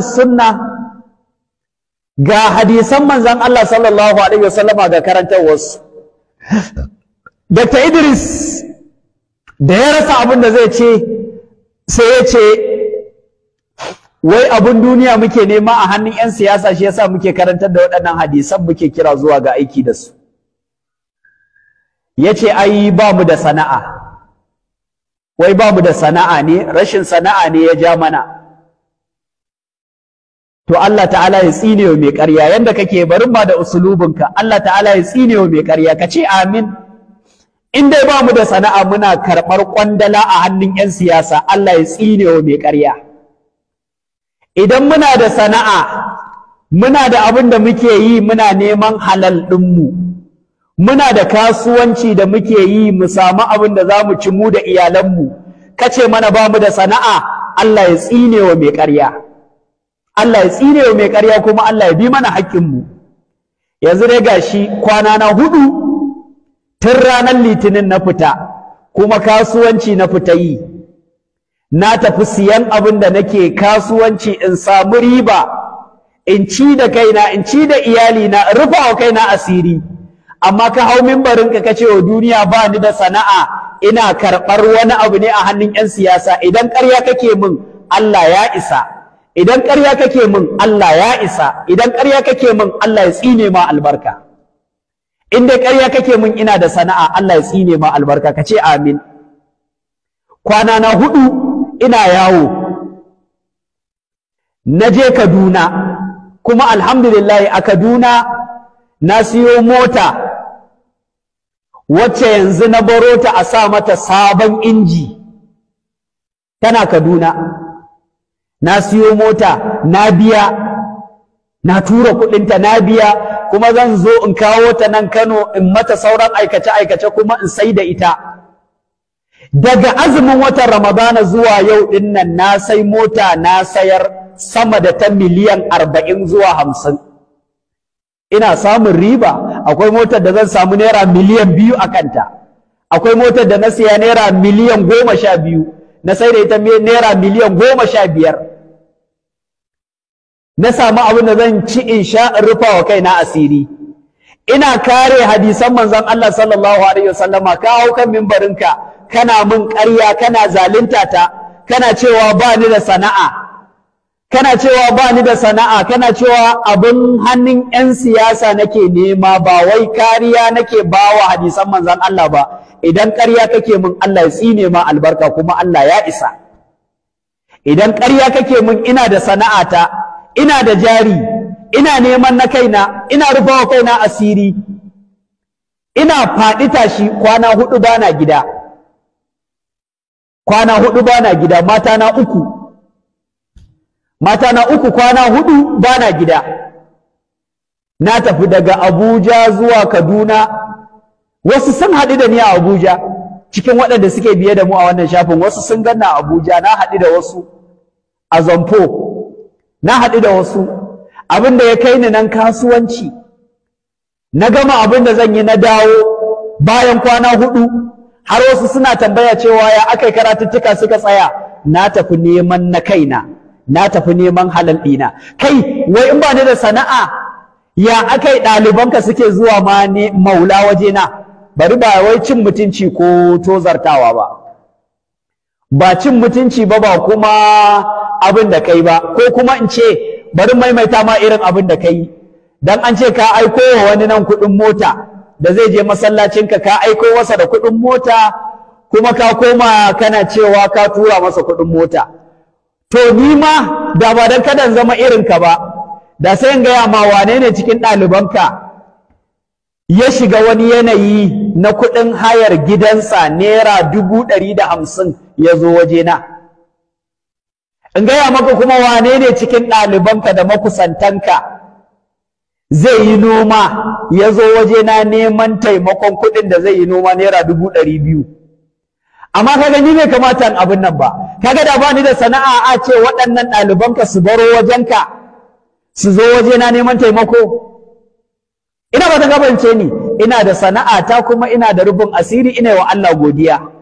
sunna ga hadisan manzan Allah sallallahu alaihi wasallama ga karantarwarsu Dr. Idris da ya rasa abin da zai ce sai ya ce wai abin duniya muke nema a hannun 'yan siyasa shi yasa muke karantar da waɗannan hadisan muke kira zuwa ga aiki da su ya ce ai ba mu da sana'a wai ba mu da sana'a ne rashin sana'a ne ya ja mana to Allah ta'ala ya tsine wa mai ƙarya yanda kake barin ba da usulubinka Allah ta'ala ya tsine wa mai ƙarya ka ce amin in dai ba mu da sana'a muna karɓar ƙwandala a hannun 'yan siyasa Allah ya tsine wa mai ƙarya idan muna da sana'a muna da abin da muke yi muna neman halal mu, muna da kasuwanci da muke yi mu samu abin da za mu ci mu da iyalanmu kace mana ba mu da sana'a Allah ya tsine wa mai ƙarya Allah ya tsire mai ƙarya kuma Allah ya bi mana haƙƙinmu yanzu dai gashi kwana na hudu tun ranar litinin na fita kuma kasuwanci na fita yi na tafi siyan abin da nake kasuwanci in samu riba in ci da kaina in ci da iyalina in rufa wa kaina asiri amma ka hau mimbarin ka kace wa duniya ba ni da sana'a ina karɓar wani abu ne a hannun 'yan siyasa idan ƙarya kake min Allah ya isa idan ƙarya kake min Allah ya isa idan ƙarya kake min Allah ya tsine ma albarka in dai ƙarya kake min ina da sana'a Allah ya tsine ma albarka ka ce amin kwana na hudu ina yawo na je Kaduna kuma alhamdulillah a Kaduna na siyo mota wacce yanzu na baro ta a sa mata sabon inji tana Kaduna na siyo mota na biya na tura kuɗinta na biya kuma zan zo in kawo ta nan Kano in mata sauran aikace-aikace kuma in sai da ita daga azumin watan Ramadana zuwa yau ɗin nan na sai mota na sayar sama da ta miliyan arba'in zuwa hamsin ina samun riba akwai motar da zan samu naira miliyan biyu a kanta akwai motar da na siya naira miliyan goma sha biyu na sai da ita naira miliyan goma sha biyar na samu abin da zan ci in sha in rufa wa kaina asiri ina kare hadisan manzon Allah sallallahu alaihi wasallama ka hau kan mimbarinka kana mun ƙarya kana zalunta ta kana cewa ba ni da sana'a kana cewa ba ni da sana'a kana cewa abin hannun 'yan siyasa nake nema ba wai kariya nake bawa hadisan manzon Allah ba idan ƙarya kake mun Allah ya tsine ma albarka kuma Allah ya isa idan ƙarya kake mun ina da sana'a ta. ina da jari ina neman na kaina ina rufa wa kaina asiri ina faɗi tashi kwana hudu bana gida kwana hudu bana gida mata na uku mata na uku kwana hudu bana gida na tafi daga Abuja zuwa Kaduna wasu sun haɗu da ni a Abuja cikin waɗanda suke biye da mu a wannan shafin wasu sun ganna Abuja na haɗu da wasu a Zamfo na haɗu da wasu abin da ya kai ni nan kasuwanci na gama abin da zan yi na dawo bayan kwana hudu har wasu suna tambaya cewa ya aka yi karatuttuka suka tsaya na tafi neman na kaina na tafi neman halal ɗina kai wai in ba ni da sana'a ya aka yi ɗalibanka suke zuwa ma ne maula wajena bari ba wai cin mutunci ko tozartawa ba ba cin mutunci ba ba kuma abin da kai ba ko kuma in ce bari maimaita ma irin abin da kai dan an ce ka aiko wa wani nan kuɗin mota da zai je masallacinka ka aiko masa da kuɗin mota kuma ka koma kana cewa ka tura masa kuɗin mota to ni ma da ba dan kadan zama irin ka ba da sai in gaya ma wane ne cikin ɗalibanka ya shiga wani yanayi na kuɗin hayar gidansa naira dubu ɗari da hamsin ya zo wajena in gaya maka kuma wane ne cikin ɗalibanka da makusantanka zai yi noma ya zo wajena neman taimakon kuɗin da zai yi noma naira dubu ɗari biyu amma kaga ni bai kamata in abin nan ba kaga da bani da sana'a a ce waɗannan ɗalibanka su baro wajenka su zo wajena neman taimako ina ba ta gabance ni ina da sana'a ta kuma ina da rubin asiri ina yi wa Allah godiya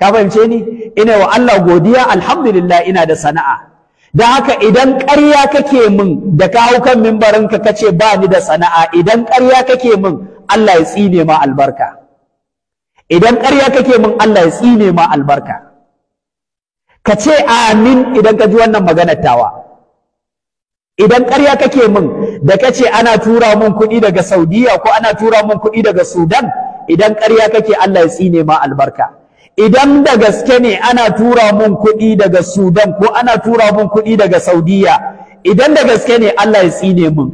ka fahimce ni ina wa Allah godiya alhamdulillah ina da sana'a da haka idan ƙarya kake min da ka hau kan mimbarinka ka ce ba ni da sana'a idan ƙarya kake min Allah ya tsine ma albarka idan ƙarya kake min Allah ya tsine ma albarka ka ce amin idan ka ji wannan maganar tawa idan ƙarya kake min da ka ce ana tura min kuɗi daga Saudiya ko ana tura min kuɗi daga Sudan idan ƙarya kake Allah ya tsine ma albarka idan da gaske ne ana tura mun kuɗi daga Sudan ko ana tura mun kuɗi daga Saudiya idan da gaske ne Allah ya tsine mun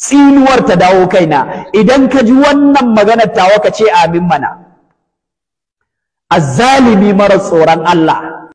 tsinuwar ta dawo kaina idan ka ji wannan maganar tawa ka ce amin mana azzalimi mara tsoron Allah